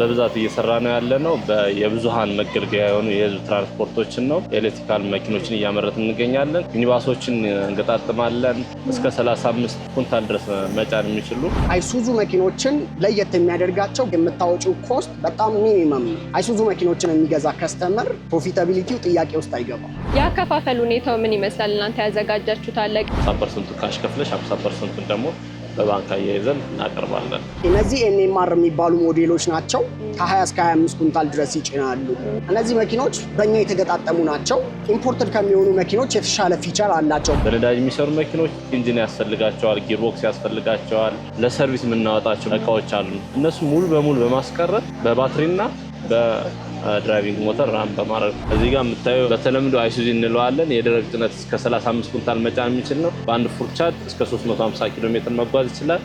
በብዛት እየሰራ ነው ያለ ነው። የብዙሃን መገልገያ የሆኑ የህዝብ ትራንስፖርቶችን ነው ኤሌክትሪካል መኪኖችን እያመረት እንገኛለን። ሚኒባሶችን እንገጣጥማለን። እስከ 35 ኩንታል ድረስ መጫን የሚችሉ አይሱዙ መኪኖችን ለየት የሚያደርጋቸው የምታወጪው ኮስት በጣም ሚኒመም ነው። አይሱዙ መኪኖችን የሚገዛ ከስተመር ፕሮፊታቢሊቲው ጥያቄ ውስጥ አይገባም። የአከፋፈል ሁኔታው ምን ይመስላል? እናንተ ያዘጋጃችሁት አለ ፐርሰንቱ ካሽ ከፍለሽ ሀምሳ ፐርሰንቱን ደግሞ በባንክ አያይዘን እናቀርባለን። እነዚህ ኤንኤምአር የሚባሉ ሞዴሎች ናቸው። ከ20 እስከ 25 ኩንታል ድረስ ይጭናሉ። እነዚህ መኪኖች በእኛ የተገጣጠሙ ናቸው። ኢምፖርትድ ከሚሆኑ መኪኖች የተሻለ ፊቸር አላቸው። በነዳጅ የሚሰሩ መኪኖች ኢንጂን ያስፈልጋቸዋል፣ ጊርቦክስ ያስፈልጋቸዋል። ለሰርቪስ የምናወጣቸው እቃዎች አሉ። እነሱ ሙሉ በሙሉ በማስቀረት በባትሪና ድራይቪንግ ሞተር ራም በማድረግ እዚህ ጋር የምታዩ በተለምዶ አይሱዚ እንለዋለን። የደረቅ ጭነት እስከ 35 ኩንታል መጫን የሚችል ነው። በአንድ ፉርቻት እስከ 350 ኪሎ ሜትር መጓዝ ይችላል።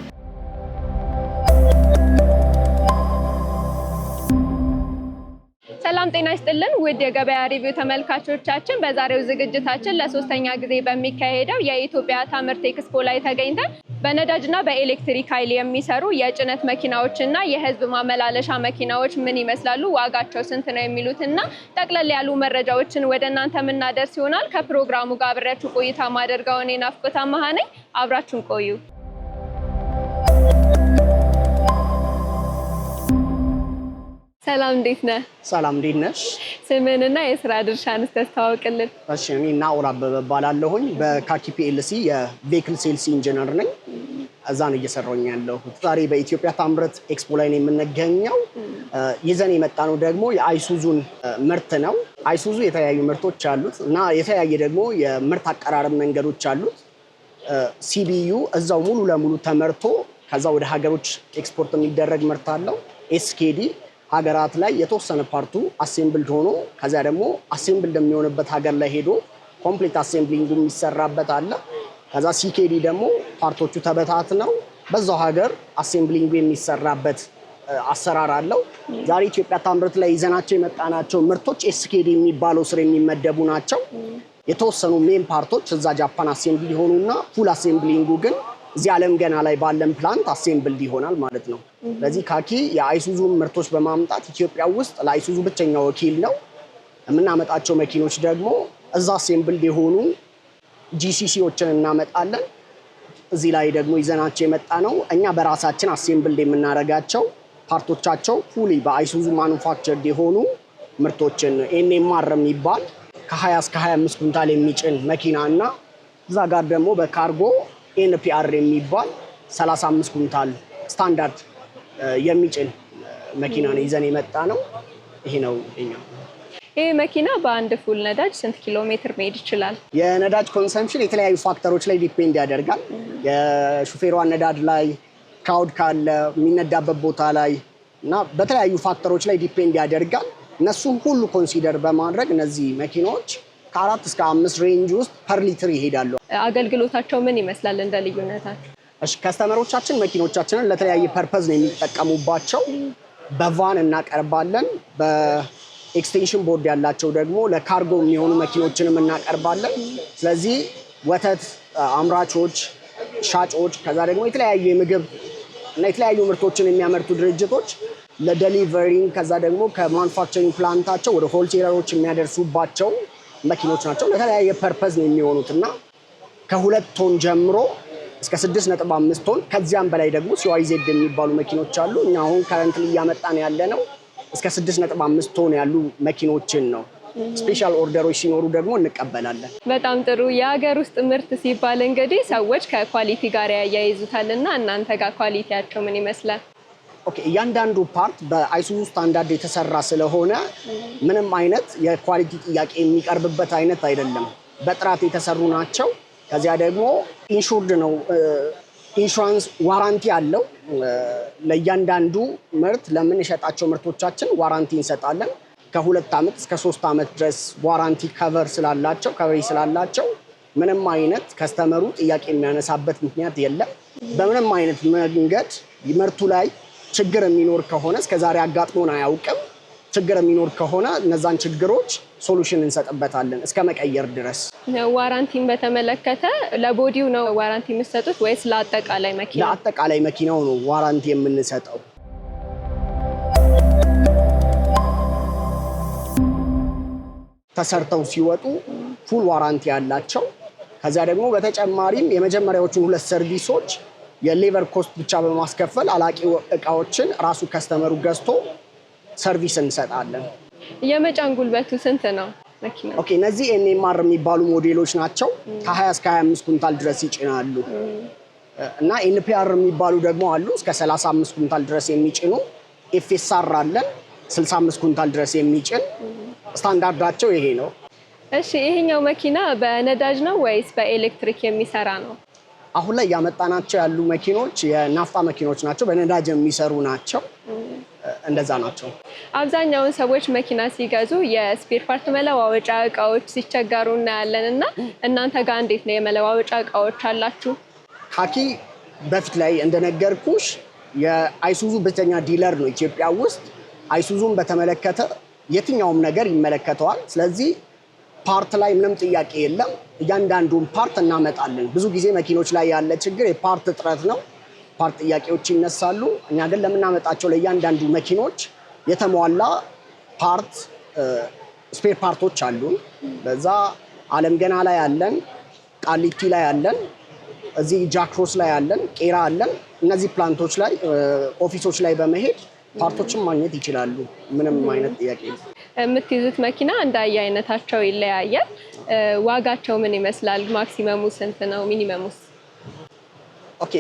ጤና ይስጥልን ውድ የገበያ ሪቪው ተመልካቾቻችን፣ በዛሬው ዝግጅታችን ለሶስተኛ ጊዜ በሚካሄደው የኢትዮጵያ ታምርት ኤክስፖ ላይ ተገኝተን በነዳጅና በኤሌክትሪክ ኃይል የሚሰሩ የጭነት መኪናዎችና የህዝብ ማመላለሻ መኪናዎች ምን ይመስላሉ፣ ዋጋቸው ስንት ነው የሚሉትና ጠቅለል ያሉ መረጃዎችን ወደ እናንተ የምናደርስ ይሆናል። ከፕሮግራሙ ጋር አብሬያችሁ ቆይታ ማደርገውን ናፍቆት አማሃ ነኝ። አብራችሁን ቆዩ። ሰላም እንዴት ነህ? ሰላም እንዴት ነሽ? ስምህንና የስራ ድርሻን እስኪያስተዋውቅልን። እሺ እኔ ናኦል አበበ እባላለሁኝ በካኪ ፒኤልሲ የቬክል ሴልስ ኢንጂነር ነኝ። እዛን እየሰራኝ እየሰራሁኝ ያለሁት። ዛሬ በኢትዮጵያ ታምረት ኤክስፖ ላይ ነው የምንገኘው። ይዘን የመጣ ነው ደግሞ የአይሱዙን ምርት ነው። አይሱዙ የተለያዩ ምርቶች አሉት እና የተለያየ ደግሞ የምርት አቀራረብ መንገዶች አሉት። ሲቢዩ እዛው ሙሉ ለሙሉ ተመርቶ ከዛ ወደ ሀገሮች ኤክስፖርት የሚደረግ ምርት አለው። ኤስኬዲ ሀገራት ላይ የተወሰነ ፓርቱ አሴምብልድ ሆኖ ከዚያ ደግሞ አሴምብልድ የሚሆንበት ሀገር ላይ ሄዶ ኮምፕሊት አሴምብሊንግ የሚሰራበት አለ። ከዛ ሲኬዲ ደግሞ ፓርቶቹ ተበታትነው በዛው ሀገር አሴምብሊንግ የሚሰራበት አሰራር አለው። ዛሬ ኢትዮጵያ ታምርት ላይ ይዘናቸው የመጣናቸው ምርቶች ኤስኬዲ የሚባለው ስር የሚመደቡ ናቸው። የተወሰኑ ሜን ፓርቶች እዛ ጃፓን አሴምብሊ ሆኑና ፉል አሴምብሊንጉ ግን እዚህ ዓለም ገና ላይ ባለን ፕላንት አሴምብልድ ይሆናል ማለት ነው። ስለዚህ ካኪ የአይሱዙ ምርቶች በማምጣት ኢትዮጵያ ውስጥ ለአይሱዙ ብቸኛ ወኪል ነው። የምናመጣቸው መኪኖች ደግሞ እዛ አሴምብልድ የሆኑ ጂሲሲዎችን እናመጣለን። እዚህ ላይ ደግሞ ይዘናቸው የመጣ ነው እኛ በራሳችን አሴምብልድ የምናደርጋቸው ፓርቶቻቸው ፉሊ በአይሱዙ ማኑፋክቸርድ የሆኑ ምርቶችን ኤንኤምአር የሚባል ከ20 እስከ 25 ኩንታል የሚጭን መኪና እና እዛ ጋር ደግሞ በካርጎ ኤንፒአር የሚባል 35 ኩንታል ስታንዳርድ የሚጭን መኪና ነው ይዘን የመጣ ነው። ይሄ ነው የእኛው። ይህ መኪና በአንድ ፉል ነዳጅ ስንት ኪሎ ሜትር መሄድ ይችላል? የነዳጅ ኮንሰምፕሽን የተለያዩ ፋክተሮች ላይ ዲፔንድ ያደርጋል። የሹፌሯ ነዳድ ላይ፣ ካውድ ካለ የሚነዳበት ቦታ ላይ እና በተለያዩ ፋክተሮች ላይ ዲፔንድ ያደርጋል። እነሱን ሁሉ ኮንሲደር በማድረግ እነዚህ መኪናዎች ከአራት እስከ አምስት ሬንጅ ውስጥ ፐር ሊትር ይሄዳሉ። አገልግሎታቸው ምን ይመስላል? እንደ ልዩነታቸው ከስተመሮቻችን መኪኖቻችንን ለተለያየ ፐርፐዝ ነው የሚጠቀሙባቸው። በቫን እናቀርባለን። በኤክስቴንሽን ቦርድ ያላቸው ደግሞ ለካርጎ የሚሆኑ መኪኖችንም እናቀርባለን። ስለዚህ ወተት አምራቾች፣ ሻጮች፣ ከዛ ደግሞ የተለያዩ የምግብ እና የተለያዩ ምርቶችን የሚያመርቱ ድርጅቶች ለደሊቨሪንግ ከዛ ደግሞ ከማኑፋክቸሪንግ ፕላንታቸው ወደ ሆልሴለሮች የሚያደርሱባቸው መኪኖች ናቸው። ለተለያየ ፐርፐዝ ነው የሚሆኑት እና ከሁለት ቶን ጀምሮ እስከ አምስት ቶን ከዚያም በላይ ደግሞ ሲዋይዜድ የሚባሉ መኪኖች አሉ። እኛ አሁን ከረንትሊ እያመጣን ያለ ነው እስከ አምስት ቶን ያሉ መኪኖችን ነው። ስፔሻል ኦርደሮች ሲኖሩ ደግሞ እንቀበላለን። በጣም ጥሩ። የሀገር ውስጥ ምርት ሲባል እንግዲህ ሰዎች ከኳሊቲ ጋር ያያይዙታል እና እናንተ ጋር ኳሊቲያቸው ምን ይመስላል? ኦኬ እያንዳንዱ ፓርት በአይሱዙ ስታንዳርድ የተሰራ ስለሆነ ምንም አይነት የኳሊቲ ጥያቄ የሚቀርብበት አይነት አይደለም። በጥራት የተሰሩ ናቸው። ከዚያ ደግሞ ኢንሹርድ ነው። ኢንሹራንስ ዋራንቲ አለው። ለእያንዳንዱ ምርት ለምንሸጣቸው ምርቶቻችን ዋራንቲ እንሰጣለን። ከሁለት ዓመት እስከ ሶስት ዓመት ድረስ ዋራንቲ ከቨር ስላላቸው ከቨሪ ስላላቸው ምንም አይነት ከስተመሩ ጥያቄ የሚያነሳበት ምክንያት የለም። በምንም አይነት መንገድ ምርቱ ላይ ችግር የሚኖር ከሆነ እስከዛሬ አጋጥሞን አያውቅም። ችግር የሚኖር ከሆነ እነዛን ችግሮች ሶሉሽን እንሰጥበታለን እስከ መቀየር ድረስ። ዋራንቲን በተመለከተ ለቦዲው ነው ዋራንቲ የምትሰጡት ወይስ ለአጠቃላይ መኪና? ለአጠቃላይ መኪናው ነው ዋራንቲ የምንሰጠው። ተሰርተው ሲወጡ ፉል ዋራንቲ ያላቸው ከዚያ ደግሞ በተጨማሪም የመጀመሪያዎቹን ሁለት ሰርቪሶች የሌቨር ኮስት ብቻ በማስከፈል አላቂ እቃዎችን ራሱ ከስተመሩ ገዝቶ ሰርቪስ እንሰጣለን። የመጫን ጉልበቱ ስንት ነው? መኪና ኦኬ። እነዚህ ኤንኤምአር የሚባሉ ሞዴሎች ናቸው። ከ20 እስከ 25 ኩንታል ድረስ ይጭናሉ እና ኤንፒአር የሚባሉ ደግሞ አሉ እስከ 35 ኩንታል ድረስ የሚጭኑ። ኤፍኤስአር አለን 65 ኩንታል ድረስ የሚጭን ስታንዳርዳቸው ይሄ ነው። እሺ ይሄኛው መኪና በነዳጅ ነው ወይስ በኤሌክትሪክ የሚሰራ ነው? አሁን ላይ እያመጣናቸው ያሉ መኪኖች የናፍጣ መኪኖች ናቸው። በነዳጅ የሚሰሩ ናቸው። እንደዛ ናቸው። አብዛኛውን ሰዎች መኪና ሲገዙ የስፔር ፓርት መለዋወጫ እቃዎች ሲቸገሩ እናያለን እና እናንተ ጋር እንዴት ነው? የመለዋወጫ እቃዎች አላችሁ? ካኪ በፊት ላይ እንደነገርኩሽ የአይሱዙ ብቸኛ ዲለር ነው ኢትዮጵያ ውስጥ። አይሱዙን በተመለከተ የትኛውም ነገር ይመለከተዋል። ስለዚህ ፓርት ላይ ምንም ጥያቄ የለም። እያንዳንዱን ፓርት እናመጣለን። ብዙ ጊዜ መኪኖች ላይ ያለ ችግር የፓርት እጥረት ነው። ፓርት ጥያቄዎች ይነሳሉ። እኛ ግን ለምናመጣቸው ለእያንዳንዱ መኪኖች የተሟላ ፓርት ስፔር ፓርቶች አሉን። በዛ አለም ገና ላይ አለን፣ ቃሊቲ ላይ አለን፣ እዚህ ጃክሮስ ላይ አለን፣ ቄራ አለን። እነዚህ ፕላንቶች ላይ ኦፊሶች ላይ በመሄድ ፓርቶችን ማግኘት ይችላሉ። ምንም አይነት ጥያቄ የምትይዙት መኪና እንደየ አይነታቸው ይለያያል። ዋጋቸው ምን ይመስላል? ማክሲመሙ ስንት ነው? ሚኒመሙስ? ኦኬ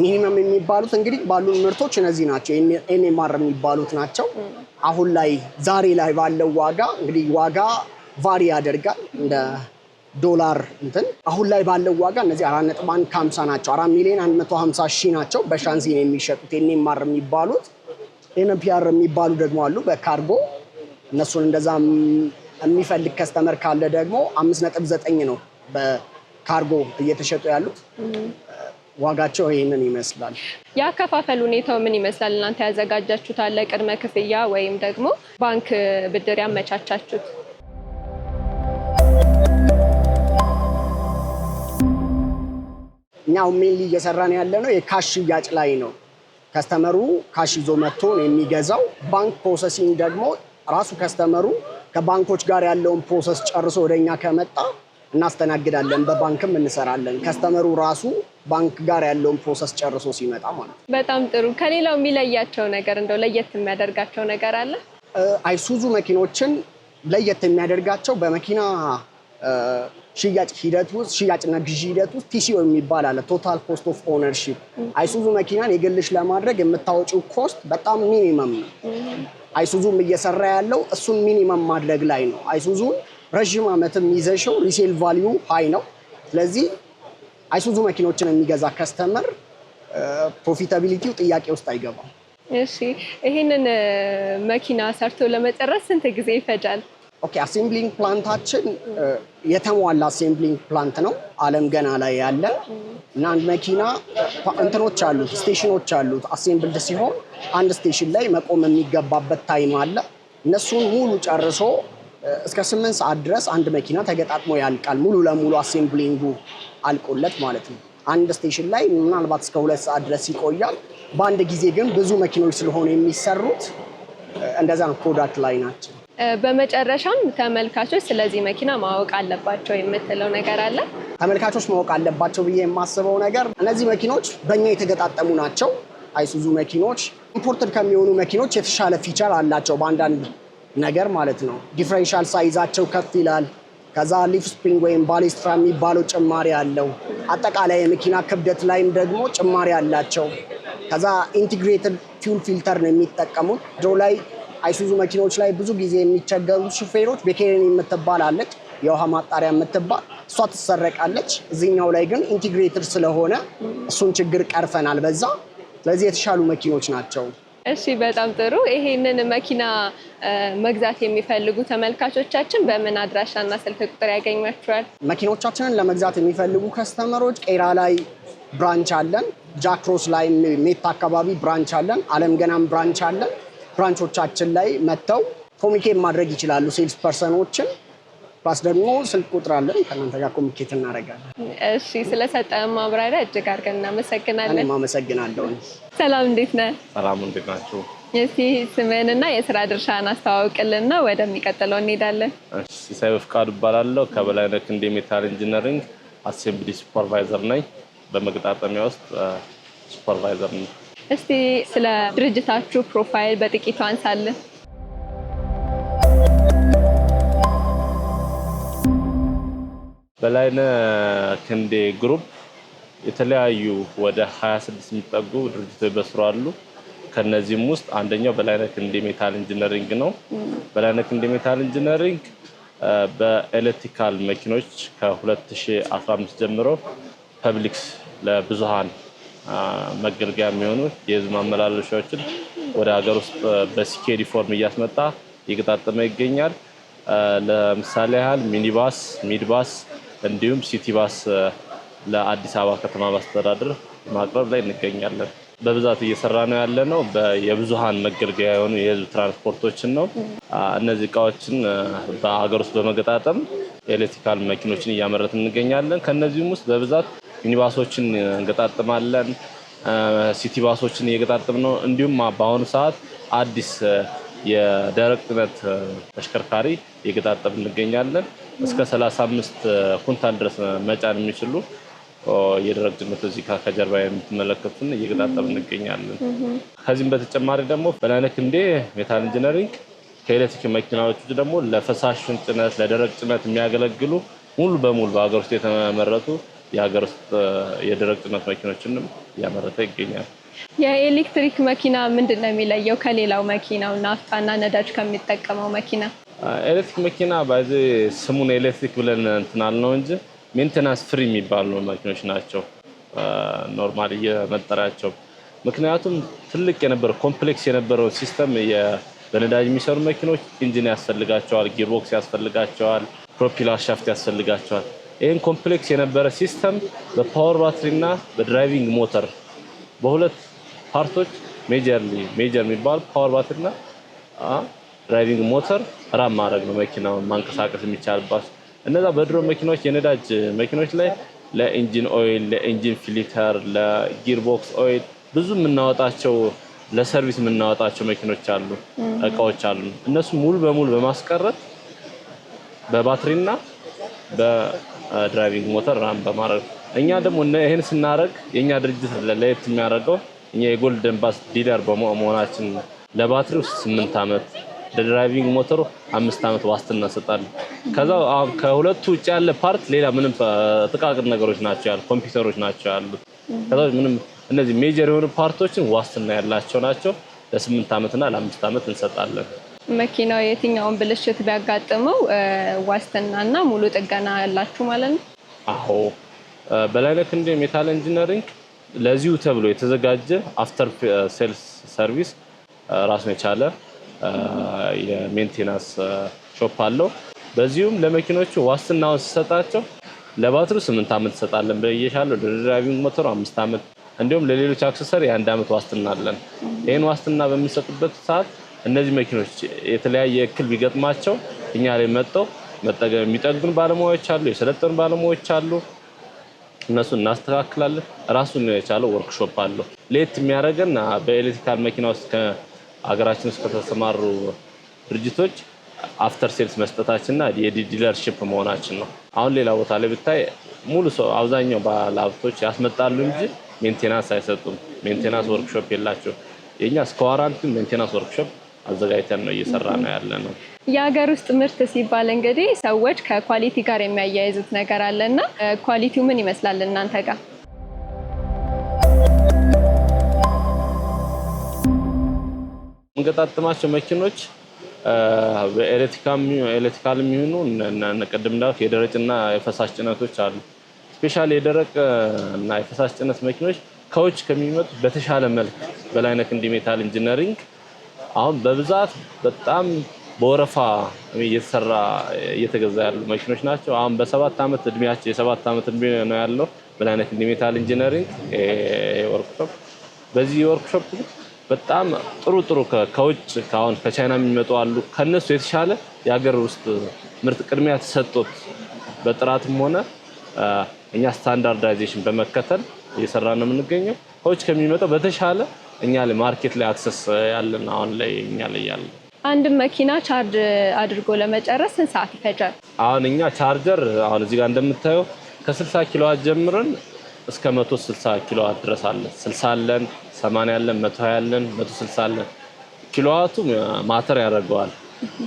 ሚኒመም የሚባሉት እንግዲህ ባሉን ምርቶች እነዚህ ናቸው። ኤንኤምአር የሚባሉት ናቸው። አሁን ላይ ዛሬ ላይ ባለው ዋጋ እንግዲህ ዋጋ ቫሪ ያደርጋል እንደ ዶላር እንትን አሁን ላይ ባለው ዋጋ እነዚህ አራት ነጥብ አንድ ከሀምሳ ናቸው። አራት ሚሊዮን አንድ መቶ ሀምሳ ሺህ ናቸው በሻንዚን የሚሸጡት ኤንኤምአር የሚባሉት ኤንፒአር የሚባሉ ደግሞ አሉ በካርጎ እነሱን እንደዛ የሚፈልግ ከስተመር ካለ ደግሞ አምስት ነጥብ ዘጠኝ ነው በካርጎ እየተሸጡ ያሉት። ዋጋቸው ይህንን ይመስላል። የአከፋፈል ሁኔታው ምን ይመስላል? እናንተ ያዘጋጃችሁት አለ ቅድመ ክፍያ ወይም ደግሞ ባንክ ብድር ያመቻቻችሁት? እኛ ሜንሊ እየሰራን ያለ ነው የካሽ ሽያጭ ላይ ነው። ከስተመሩ ካሽ ይዞ መጥቶን የሚገዛው ባንክ ፕሮሰሲንግ ደግሞ ራሱ ከስተመሩ ከባንኮች ጋር ያለውን ፕሮሰስ ጨርሶ ወደኛ ከመጣ እናስተናግዳለን። በባንክም እንሰራለን። ከስተመሩ ራሱ ባንክ ጋር ያለውን ፕሮሰስ ጨርሶ ሲመጣ ማለት ነው። በጣም ጥሩ። ከሌላው የሚለያቸው ነገር እንደው ለየት የሚያደርጋቸው ነገር አለ? አይሱዙ መኪኖችን ለየት የሚያደርጋቸው በመኪና ሽያጭ ሂደት ውስጥ ሽያጭና ግዢ ሂደት ውስጥ ቲሲኦ የሚባል አለ፣ ቶታል ኮስት ኦፍ ኦነርሺፕ። አይሱዙ መኪናን የግልሽ ለማድረግ የምታወጪው ኮስት በጣም ሚኒመም ነው። አይሱዙም እየሰራ ያለው እሱን ሚኒመም ማድረግ ላይ ነው። አይሱዙን ረዥም ዓመትም ይዘሽው ሪሴል ቫሊዩ ሃይ ነው። ስለዚህ አይሱዙ መኪኖችን የሚገዛ ከስተመር ፕሮፊታቢሊቲው ጥያቄ ውስጥ አይገባም። እሺ፣ ይህንን መኪና ሰርቶ ለመጨረስ ስንት ጊዜ ይፈጃል? ኦኬ አሴምብሊንግ ፕላንታችን የተሟላ አሴምብሊንግ ፕላንት ነው። አለም ገና ላይ ያለ እና አንድ መኪና እንትኖች አሉት፣ ስቴሽኖች አሉት። አሴምብልድ ሲሆን አንድ ስቴሽን ላይ መቆም የሚገባበት ታይም አለ። እነሱን ሙሉ ጨርሶ እስከ ስምንት ሰዓት ድረስ አንድ መኪና ተገጣጥሞ ያልቃል። ሙሉ ለሙሉ አሴምብሊንጉ አልቆለት ማለት ነው። አንድ ስቴሽን ላይ ምናልባት እስከ ሁለት ሰዓት ድረስ ይቆያል። በአንድ ጊዜ ግን ብዙ መኪኖች ስለሆኑ የሚሰሩት እንደዛ ፕሮዳክት ላይ ናቸው። በመጨረሻም ተመልካቾች ስለዚህ መኪና ማወቅ አለባቸው የምትለው ነገር አለ? ተመልካቾች ማወቅ አለባቸው ብዬ የማስበው ነገር እነዚህ መኪኖች በእኛ የተገጣጠሙ ናቸው። አይሱዙ መኪኖች ኢምፖርትድ ከሚሆኑ መኪኖች የተሻለ ፊቸር አላቸው በአንዳንድ ነገር ማለት ነው። ዲፍረንሻል ሳይዛቸው ከፍ ይላል። ከዛ ሊፍ ስፕሪንግ ወይም ባሊስትራ የሚባለው ጭማሪ አለው። አጠቃላይ የመኪና ክብደት ላይም ደግሞ ጭማሪ አላቸው። ከዛ ኢንቲግሬትድ ፊውል ፊልተር ነው የሚጠቀሙት ድሮ ላይ አይሱዙ መኪኖች ላይ ብዙ ጊዜ የሚቸገሩት ሹፌሮች ቤኬሬን የምትባል አለች፣ የውሃ ማጣሪያ የምትባል እሷ ትሰረቃለች። እዚህኛው ላይ ግን ኢንቲግሬትር ስለሆነ እሱን ችግር ቀርፈናል በዛ። ስለዚህ የተሻሉ መኪኖች ናቸው። እሺ፣ በጣም ጥሩ። ይሄንን መኪና መግዛት የሚፈልጉ ተመልካቾቻችን በምን አድራሻና ስልክ ቁጥር ያገኟቸዋል? መኪኖቻችንን ለመግዛት የሚፈልጉ ከስተመሮች ቄራ ላይ ብራንች አለን። ጃክሮስ ላይ ሜታ አካባቢ ብራንች አለን። አለም ገናም ብራንች አለን። ብራንቾቻችን ላይ መጥተው ኮሚኒኬት ማድረግ ይችላሉ። ሴልስ ፐርሰኖችን ፕላስ ደግሞ ስልክ ቁጥር አለን ከእናንተ ጋር ኮሚኒኬት እናደርጋለን። እሺ፣ ስለሰጠን ማብራሪያ እጅግ አድርገን እናመሰግናለን። አመሰግናለሁ። ሰላም፣ እንዴት ነ ሰላም፣ እንዴት ናቸው እስቲ እና የስራ ድርሻን ነው ወደሚቀጥለው እንሄዳለን። ሲሳይ በፍቃድ እባላለሁ። ከበላይነህ እንደ ሜታል ኢንጂነሪንግ አሴምብሊ ሱፐርቫይዘር ነኝ። በመገጣጠሚያ ውስጥ ሱፐርቫይዘር ነው። እስቲ ስለ ድርጅታችሁ ፕሮፋይል በጥቂቱ አንሳለን። በላይነ ክንዴ ግሩፕ የተለያዩ ወደ 26 የሚጠጉ ድርጅቶች በስሩ አሉ። ከነዚህም ውስጥ አንደኛው በላይነ ክንዴ ሜታል ኢንጂነሪንግ ነው። በላይነ ክንዴ ሜታል ኢንጂነሪንግ በኤሌክትሪካል መኪኖች ከ2015 ጀምሮ ፐብሊክስ ለብዙሃን መገልገያ የሚሆኑ የህዝብ ማመላለሻዎችን ወደ ሀገር ውስጥ በሲኬ ሪፎርም እያስመጣ እየገጣጠመ ይገኛል። ለምሳሌ ያህል ሚኒባስ፣ ሚድባስ እንዲሁም ሲቲባስ ለአዲስ አበባ ከተማ ማስተዳደር ማቅረብ ላይ እንገኛለን። በብዛት እየሰራ ነው ያለ ነው የብዙሀን መገልገያ የሆኑ የህዝብ ትራንስፖርቶችን ነው። እነዚህ እቃዎችን በሀገር ውስጥ በመገጣጠም ኤሌክትሪካል መኪኖችን እያመረትን እንገኛለን። ከነዚህም ውስጥ በብዛት ሚኒባሶችን እንገጣጥማለን። ሲቲ ባሶችን እየገጣጥም ነው። እንዲሁም በአሁኑ ሰዓት አዲስ የደረቅ ጭነት ተሽከርካሪ እየገጣጠም እንገኛለን። እስከ 35 ኩንታል ድረስ መጫን የሚችሉ የደረቅ ጭነት እዚህ ከጀርባ የምትመለከቱን እየገጣጠም እንገኛለን። ከዚህም በተጨማሪ ደግሞ በላይነህ ክንዴ ሜታል ኢንጂነሪንግ ከኤሌክትሪክ መኪናዎች ውጭ ደግሞ ለፈሳሽ ጭነት፣ ለደረቅ ጭነት የሚያገለግሉ ሙሉ በሙሉ በሀገር ውስጥ የተመረቱ የሀገር ውስጥ የደረቅ ጭነት መኪኖችንም እያመረተ ይገኛል። የኤሌክትሪክ መኪና ምንድን ነው የሚለየው ከሌላው መኪናው ናፍጣና ነዳጅ ከሚጠቀመው መኪና? ኤሌክትሪክ መኪና በዚህ ስሙን ኤሌክትሪክ ብለን እንትናል ነው እንጂ ሜንቴናንስ ፍሪ የሚባሉ መኪኖች ናቸው ኖርማል እየመጠሪያቸው። ምክንያቱም ትልቅ የነበረ ኮምፕሌክስ የነበረው ሲስተም በነዳጅ የሚሰሩ መኪኖች ኢንጂን ያስፈልጋቸዋል፣ ጊርቦክስ ያስፈልጋቸዋል፣ ፕሮፒላር ሻፍት ያስፈልጋቸዋል። ይህን ኮምፕሌክስ የነበረ ሲስተም በፓወር ባትሪ እና በድራይቪንግ ሞተር በሁለት ፓርቶች ሜጀርሊ ሜጀር የሚባል ፓወር ባትሪ እና ድራይቪንግ ሞተር ራም ማድረግ ነው መኪና ማንቀሳቀስ የሚቻልባቸው። እነዛ በድሮ መኪናዎች የነዳጅ መኪናዎች ላይ ለኢንጂን ኦይል፣ ለኢንጂን ፊሊተር፣ ለጊርቦክስ ኦይል ብዙ የምናወጣቸው ለሰርቪስ የምናወጣቸው መኪኖች አሉ፣ እቃዎች አሉ። እነሱ ሙሉ በሙሉ በማስቀረት በባትሪና ድራይቪንግ ሞተር ምናምን በማድረግ እኛ ደግሞ ይህን ስናደረግ የእኛ ድርጅት ለየት የሚያደርገው እኛ የጎልደን ባስ ዲለር በመሆናችን ለባትሪው ስምንት ዓመት ለድራይቪንግ ሞተሩ አምስት ዓመት ዋስትና ሰጣለን። ከዛ ከሁለቱ ውጭ ያለ ፓርት ሌላ ምንም ጥቃቅን ነገሮች ናቸው ያሉ ኮምፒውተሮች ናቸው ያሉት። ከዛ ምንም እነዚህ ሜጀር የሆኑ ፓርቶችን ዋስትና ያላቸው ናቸው። ለስምንት ዓመትና ለአምስት ዓመት እንሰጣለን። መኪናው የትኛውን ብልሽት ቢያጋጥመው ዋስትናና ሙሉ ጥገና ያላችሁ ማለት ነው? አዎ በላይነህ ክንዴ ሜታል ኢንጂነሪንግ ለዚሁ ተብሎ የተዘጋጀ አፍተር ሴልስ ሰርቪስ ራሱን የቻለ የሜንቴናንስ ሾፕ አለው። በዚሁም ለመኪኖቹ ዋስትናውን ሲሰጣቸው ለባትሩ ስምንት ዓመት እንሰጣለን ብዬሻለሁ። ለድራይቪንግ ሞተሩ አምስት ዓመት እንዲሁም ለሌሎች አክሰሰሪ የአንድ ዓመት ዋስትና አለን። ይህን ዋስትና በሚሰጡበት ሰዓት እነዚህ መኪኖች የተለያየ እክል ቢገጥማቸው እኛ ላይ መጠው መጠገም የሚጠግኑ ባለሙያዎች አሉ፣ የሰለጠኑ ባለሙያዎች አሉ። እነሱ እናስተካክላለን። ራሱን የቻለ ወርክሾፕ አለው። ለየት የሚያደርገን በኤሌክትሪካል መኪና ውስጥ ከሀገራችን ውስጥ ከተሰማሩ ድርጅቶች አፍተር ሴልስ መስጠታችንና የዲለርሽፕ መሆናችን ነው። አሁን ሌላ ቦታ ላይ ብታይ ሙሉ ሰው አብዛኛው ባለሀብቶች ያስመጣሉ እንጂ ሜንቴናንስ አይሰጡም። ሜንቴናንስ ወርክሾፕ የላቸው። የኛ እስከ ዋራንቲ ሜንቴናንስ ወርክሾፕ አዘጋጅተን ነው እየሰራ ነው ያለ ነው። የሀገር ውስጥ ምርት ሲባል እንግዲህ ሰዎች ከኳሊቲ ጋር የሚያያይዙት ነገር አለ እና ኳሊቲው ምን ይመስላል እናንተ ጋር? የምንገጣጥማቸው መኪኖች ኤሌክትሪካል የሚሆኑ ቅድም እንዳልኩት የደረቅና የፈሳሽ ጭነቶች አሉ። ስፔሻል የደረቅ እና የፈሳሽ ጭነት መኪኖች ከውጭ ከሚመጡ በተሻለ መልክ በላይነክ ክንዴ ሜታል ኢንጂነሪንግ አሁን በብዛት በጣም በወረፋ እየተሰራ እየተገዛ ያሉ መኪኖች ናቸው። አሁን በሰባት ዓመት እድሜያቸው የሰባት ዓመት እድሜ ነው ያለው መድኃኒት ኢንዲሜታል ኢንጂነሪንግ ወርክሾፕ። በዚህ ወርክሾፕ በጣም ጥሩ ጥሩ ከውጭ ከአሁን ከቻይና የሚመጡ አሉ። ከነሱ የተሻለ የሀገር ውስጥ ምርት ቅድሚያ ተሰጥቶት በጥራትም ሆነ እኛ ስታንዳርዳይዜሽን በመከተል እየሰራ ነው የምንገኘው። ከውጭ ከሚመጣው በተሻለ እኛ ማርኬት ላይ አክሰስ ያለን አሁን ላይ እኛ ላይ ያለ አንድ መኪና ቻርጅ አድርጎ ለመጨረስ ስንት ሰዓት ይፈጃል? አሁን እኛ ቻርጀር አሁን እዚህ ጋር እንደምታየው ከስልሳ ኪሎዋት ጀምረን እስከ ስልሳ ኪሎዋት ድረስ አለ። ስልሳ አለን፣ 80 አለን፣ 120 አለን፣ ስልሳ አለን። ኪሎዋቱ ማተር ያደርገዋል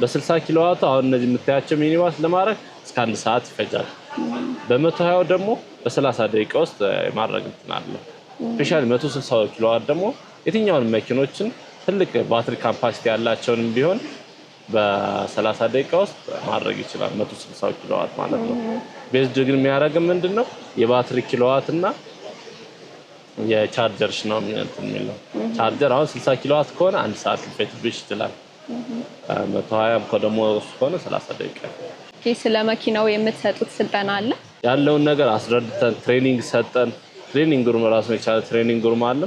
በስልሳ ኪሎዋቱ አሁን እነዚህ የምታያቸው ሚኒባስ ለማድረግ እስከ አንድ ሰዓት ይፈጃል በመቶ በ120 ደግሞ በሰላሳ ደቂቃ ውስጥ ማድረግ እንትናለ ስፔሻሊ ስልሳ ኪሎዋት ደግሞ የትኛውን መኪኖችን ትልቅ ባትሪ ካፓሲቲ ያላቸውንም ቢሆን በ30 ደቂቃ ውስጥ ማድረግ ይችላል። 160 ኪሎዋት ማለት ነው። ቤዝድ ግን የሚያደርግ ምንድን ነው የባትሪ ኪሎዋት እና የቻርጀር ነው የሚለው። ቻርጀር አሁን 60 ኪሎዋት ከሆነ አንድ ሰዓት ሊፈጅብሽ ይችላል። 120 ከደሞ ከሆነ 30 ደቂቃ። ስለ መኪናው የምትሰጡት ስልጠና አለ? ያለውን ነገር አስረድተን ትሬኒንግ ሰጠን። ትሬኒንግ ሩም ራሱን የቻለ ትሬኒንግ ሩም አለ።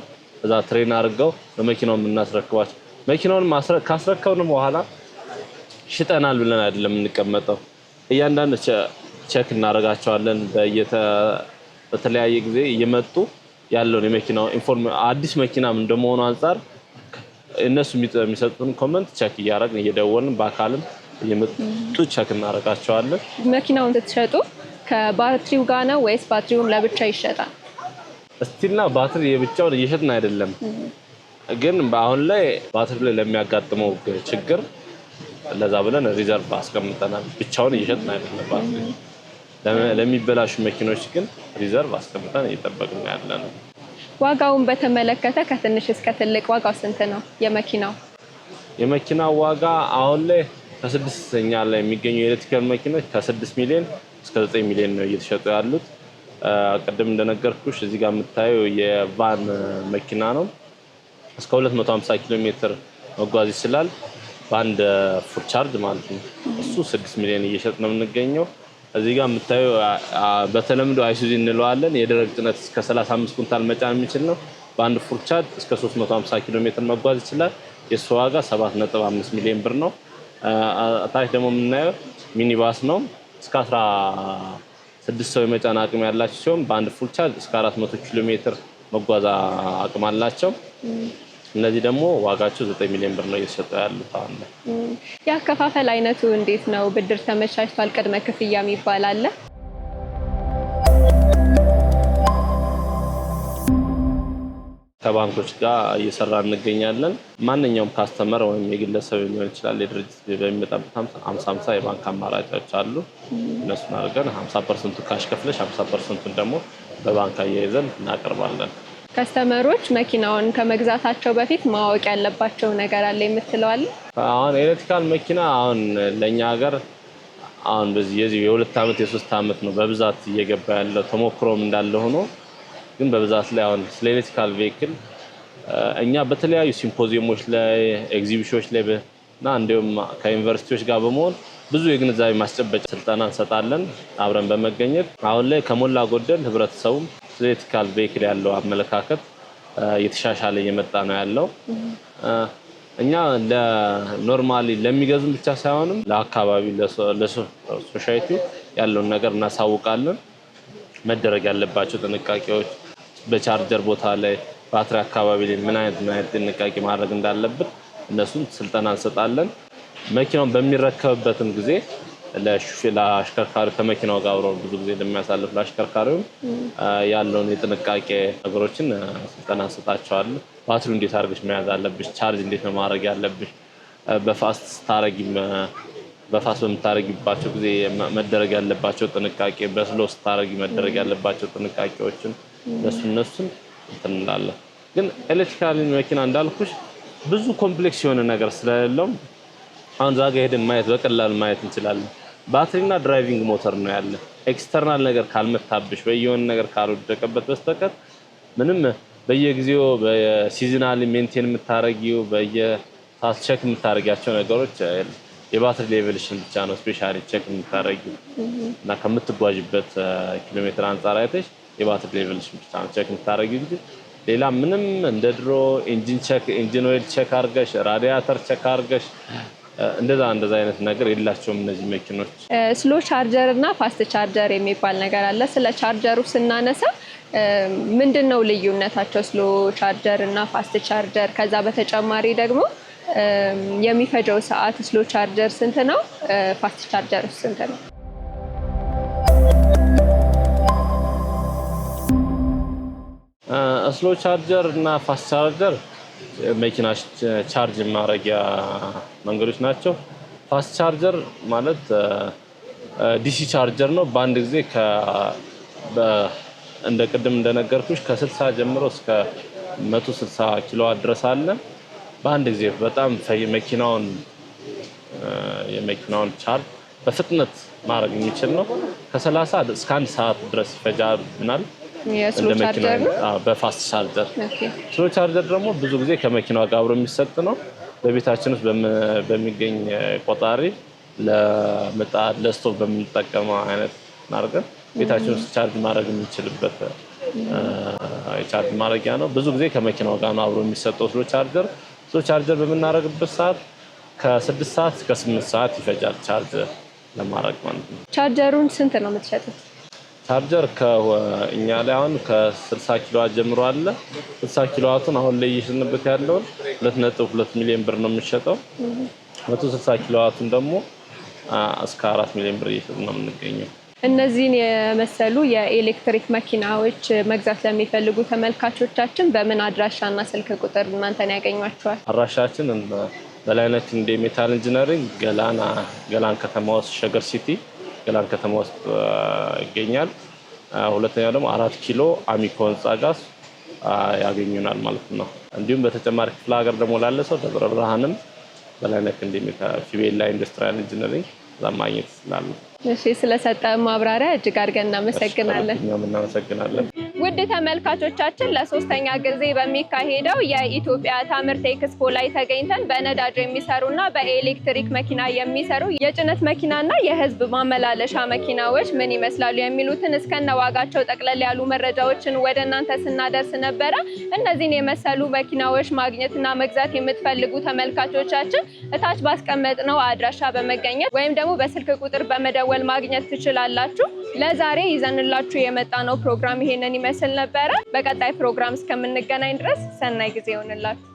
እዛ ትሬን አድርገው በመኪናው የምናስረክባቸው። መኪናውን ካስረከብን በኋላ ሽጠናል ብለን አይደለም የምንቀመጠው። እያንዳንድ ቸክ እናደርጋቸዋለን። በተለያየ ጊዜ እየመጡ ያለውን የመኪናው አዲስ መኪናም እንደመሆኑ አንጻር እነሱ የሚሰጡን ኮመንት ቸክ እያደረግን እየደወልን በአካልም እየመጡ ቸክ እናደርጋቸዋለን። መኪናውን ስትሸጡ ከባትሪው ጋር ነው ወይስ ባትሪውን ለብቻ ይሸጣል? ስቲልና ባትሪ የብቻውን እየሸጥን አይደለም፣ ግን አሁን ላይ ባትሪ ላይ ለሚያጋጥመው ችግር ለዛ ብለን ሪዘርቭ አስቀምጠናል። ብቻውን እየሸጥን አይደለም ባትሪ። ለሚበላሹ መኪኖች ግን ሪዘርቭ አስቀምጠን እየጠበቅን ያለ ነው። ዋጋውን በተመለከተ ከትንሽ እስከ ትልቅ ዋጋው ስንት ነው? የመኪናው የመኪናው ዋጋ አሁን ላይ ከስድስተኛ ላይ የሚገኙ የኤሌክትሪካል መኪኖች ከስድስት ሚሊዮን እስከ ዘጠኝ ሚሊዮን ነው እየተሸጡ ያሉት። ቅድም እንደነገርኩሽ እዚህ ጋር የምታየው የቫን መኪና ነው። እስከ 250 ኪሎ ሜትር መጓዝ ይችላል በአንድ ፉል ቻርጅ ማለት ነው። እሱ 6 ሚሊዮን እየሸጥ ነው የምንገኘው። እዚህ ጋር የምታየው በተለምዶ አይሱዚ እንለዋለን። የደረቅ ጭነት እስከ 35 ኩንታል መጫን የሚችል ነው። በአንድ ፉል ቻርጅ እስከ 350 ኪሎ ሜትር መጓዝ ይችላል። የእሱ ዋጋ 7.5 ሚሊዮን ብር ነው። ታች ደግሞ የምናየው ሚኒባስ ነው እስከ ስድስት ሰው የመጫን አቅም ያላቸው ሲሆን በአንድ ፉል ቻርጅ እስከ መቶ ኪሎ ሜትር መጓዝ አቅም አላቸው። እነዚህ ደግሞ ዋጋቸው 9 ሚሊዮን ብር ነው እየተሰጠ ያሉት። አሁን የአከፋፈል አይነቱ እንዴት ነው? ብድር ተመቻችቷል፣ ቅድመ ክፍያ የሚባል አለ? ከባንኮች ጋር እየሰራ እንገኛለን። ማንኛውም ካስተመር ወይም የግለሰብ ሊሆን ይችላል የድርጅት በሚመጣበት ሀምሳ ሀምሳ የባንክ አማራጮች አሉ። እነሱን አድርገን ሀምሳ ፐርሰንቱ ካሽ ከፍለሽ ሀምሳ ፐርሰንቱን ደግሞ በባንክ አያይዘን እናቀርባለን። ከስተመሮች መኪናውን ከመግዛታቸው በፊት ማወቅ ያለባቸው ነገር አለ የምትለዋል? አሁን ኤሌክትሪካል መኪና አሁን ለእኛ ሀገር አሁን በዚህ የዚህ የሁለት ዓመት የሶስት ዓመት ነው በብዛት እየገባ ያለው ተሞክሮም እንዳለ ሆኖ ግን በብዛት ላይ አሁን ስለ ኤሌክትሪካል ቬክል እኛ በተለያዩ ሲምፖዚየሞች ላይ ኤግዚቢሽኖች ላይ እና እንዲሁም ከዩኒቨርሲቲዎች ጋር በመሆን ብዙ የግንዛቤ ማስጨበጫ ስልጠና እንሰጣለን አብረን በመገኘት አሁን ላይ ከሞላ ጎደል ህብረተሰቡም ስለ ኤሌክትሪካል ቬክል ያለው አመለካከት እየተሻሻለ እየመጣ ነው ያለው። እኛ ለኖርማሊ ለሚገዙም ብቻ ሳይሆንም ለአካባቢ ለሶሳይቲ ያለውን ነገር እናሳውቃለን። መደረግ ያለባቸው ጥንቃቄዎች በቻርጀር ቦታ ላይ ባትሪ አካባቢ ላይ ምን አይነት ምን አይነት ጥንቃቄ ማድረግ እንዳለብን እነሱን ስልጠና እንሰጣለን። መኪናውን በሚረከብበትም ጊዜ ለአሽከርካሪ ከመኪናው ጋር አብሮ ብዙ ጊዜ ለሚያሳልፍ ለአሽከርካሪውም ያለውን የጥንቃቄ ነገሮችን ስልጠና እንሰጣቸዋለን። ባትሪ እንዴት አድርገሽ መያዝ አለብሽ፣ ቻርጅ እንዴት ነው ማድረግ ያለብሽ፣ በፋስት ስታረጊ በፋስት በምታደረግባቸው ጊዜ መደረግ ያለባቸው ጥንቃቄ፣ በስሎ ስታረጊ መደረግ ያለባቸው ጥንቃቄዎችን እነሱ እነሱን እንትንላለን። ግን ኤሌክትሪካል መኪና እንዳልኩሽ ብዙ ኮምፕሌክስ የሆነ ነገር ስለሌለው አሁን ዛጋ ሄደን ማየት በቀላሉ ማየት እንችላለን። ባትሪና ድራይቪንግ ሞተር ነው ያለ። ኤክስተርናል ነገር ካልመታብሽ በየሆነ ነገር ካልወደቀበት በስተቀር ምንም በየጊዜው በሲዝናሊ ሜንቴን የምታረጊው በየሰዓት ቸክ የምታረጊያቸው ነገሮች የባትሪ ሌቭልሽን ብቻ ነው ስፔሻሊ ቸክ የምታረጊው እና ከምትጓዥበት ኪሎሜትር አንጻር አይተሽ የባትሪ ሌቨልሽ ብቻ ነው ቼክ እንጂ ሌላ ምንም እንደ ድሮ ኢንጂን ቼክ ኢንጂን ኦይል ቼክ አድርገሽ ራዲያተር ቼክ አድርገሽ እንደዛ እንደዛ አይነት ነገር የላቸውም እነዚህ መኪኖች። ስሎ ቻርጀር እና ፋስት ቻርጀር የሚባል ነገር አለ። ስለ ቻርጀሩ ስናነሳ ምንድን ነው ልዩነታቸው? ስሎ ቻርጀር እና ፋስት ቻርጀር። ከዛ በተጨማሪ ደግሞ የሚፈጀው ሰዓት ስሎ ቻርጀር ስንት ነው? ፋስት ቻርጀር ስንት ነው? ስሎ ቻርጀር እና ፋስት ቻርጀር መኪና ቻርጅ ማድረጊያ መንገዶች ናቸው። ፋስት ቻርጀር ማለት ዲሲ ቻርጀር ነው። በአንድ ጊዜ እንደ ቅድም እንደነገርኩሽ ከ60 ጀምሮ እስከ 160 ኪሎ ድረስ አለ። በአንድ ጊዜ በጣም መኪናውን የመኪናውን ቻርጅ በፍጥነት ማድረግ የሚችል ነው። ከ30 እስከ አንድ ሰዓት ድረስ ይፈጃብናል። ስሎ ቻርጀር በፋስት ቻርጀር። ስሎ ቻርጀር ደግሞ ብዙ ጊዜ ከመኪና ጋር አብሮ የሚሰጥ ነው። በቤታችን ውስጥ በሚገኝ ቆጣሪ ለምጣድ ለስቶቭ በምንጠቀመው አይነት አድርገን ቤታችን ውስጥ ቻርጅ ማድረግ የምንችልበት ቻርጅ ማድረጊያ ነው። ብዙ ጊዜ ከመኪናው ጋር ነው አብሮ የሚሰጠው ስሎ ቻርጀር። ስሎ ቻርጀር በምናደርግበት ሰዓት ከስድስት ሰዓት እስከ ስምንት ሰዓት ይፈጃል ቻርጅ ለማድረግ ማለት ነው። ቻርጀሩን ስንት ነው የምትሸጡት? ቻርጀር ከእኛ ላይ አሁን ከ60 ኪሎዋት ጀምሮ አለ። 60 ኪሎዋቱን አሁን ላይ እየሸጥንበት ያለውን 2.2 ሚሊዮን ብር ነው የሚሸጠው። 160 ኪሎዋቱን ደግሞ እስከ 4 ሚሊዮን ብር እየሸጥ ነው የምንገኘው። እነዚህን የመሰሉ የኤሌክትሪክ መኪናዎች መግዛት ለሚፈልጉ ተመልካቾቻችን በምን አድራሻና ስልክ ቁጥር እናንተን ያገኟቸዋል? አድራሻችን በላይነህ ክንዴ ሜታል ኢንጂነሪንግ ገላና ገላን ከተማ ውስጥ ሸገር ሲቲ ገላን ከተማ ውስጥ ይገኛል። ሁለተኛ ደግሞ አራት ኪሎ አሚኮ ህንፃ ጋር ያገኙናል ማለት ነው። እንዲሁም በተጨማሪ ክፍለ ሀገር ደግሞ ላለ ሰው ደብረ ብርሃንም በላይነህ ክንዴ ፊቤላ ኢንዱስትሪያል ኢንጂነሪንግ ማግኘት ስላለ። እሺ፣ ስለሰጠ ማብራሪያ እጅግ አድርገን እናመሰግናለን። እኛም እናመሰግናለን። ውድ ተመልካቾቻችን ለሶስተኛ ጊዜ በሚካሄደው የኢትዮጵያ ታምርት ኤክስፖ ላይ ተገኝተን በነዳጅ የሚሰሩና በኤሌክትሪክ መኪና የሚሰሩ የጭነት መኪናና የህዝብ ማመላለሻ መኪናዎች ምን ይመስላሉ የሚሉትን እስከነ ዋጋቸው ጠቅለል ያሉ መረጃዎችን ወደ እናንተ ስናደርስ ነበረ። እነዚህን የመሰሉ መኪናዎች ማግኘትና መግዛት የምትፈልጉ ተመልካቾቻችን እታች ባስቀመጥነው አድራሻ በመገኘት ወይም ደግሞ በስልክ ቁጥር በመደወል ማግኘት ትችላላችሁ። ለዛሬ ይዘንላችሁ የመጣ ነው ፕሮግራም ይሄንን ይመስል ነበረ። በቀጣይ ፕሮግራም እስከምንገናኝ ድረስ ሰናይ ጊዜ ይሆንላችሁ።